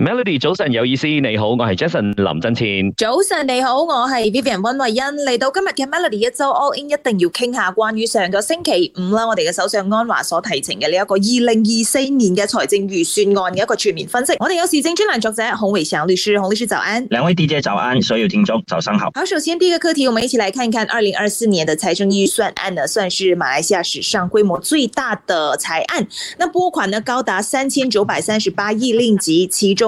Melody，早晨有意思，你好，我係 Jason 林振天。早晨你好，我係 Vivian 溫慧欣。嚟到今日嘅 Melody 一周 All In，一定要傾下關於上個星期五啦，我哋嘅首相安華所提呈嘅呢一個二零二四年嘅財政預算案嘅一個全面分析。我哋有時政專欄作者洪維祥律師，洪律師早安。兩位 DJ 早安，所有聽眾早上好。好，首先第一個課題，我們一起來看一看二零二四年的財政預算案呢，算是馬來西亞史上規模最大的財案，那撥款呢高達三千九百三十八億令吉，其中。